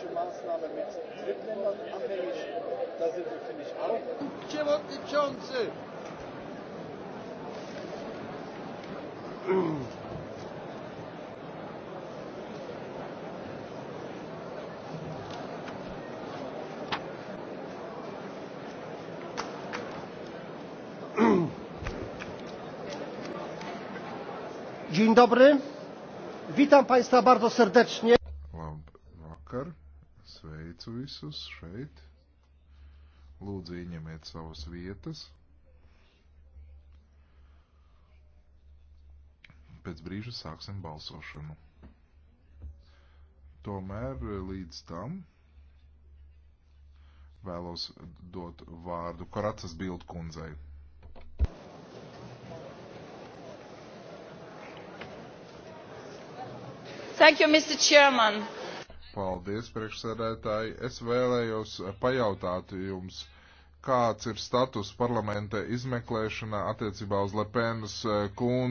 politische Maßnahme mit Drittländern abhängig. Da sind wir, finde ich, auch. Przewodniczący! Dzień dobry. Witam Państwa bardzo serdecznie. Vakar. Sveicu visus šeit. Lūdzu, ieņemiet savas vietas. Pēc brīža sāksim balsošanu. Tomēr eh, līdz tam vēlos dot vārdu Karacas Bildkundzei. Thank you, Mr. Chairman. Paldies, priekšsēdētāji. Es vēlējos pajautāt jums, kāds ir status parlamenta izmeklēšanā attiecībā uz Lepenas eh, kundu.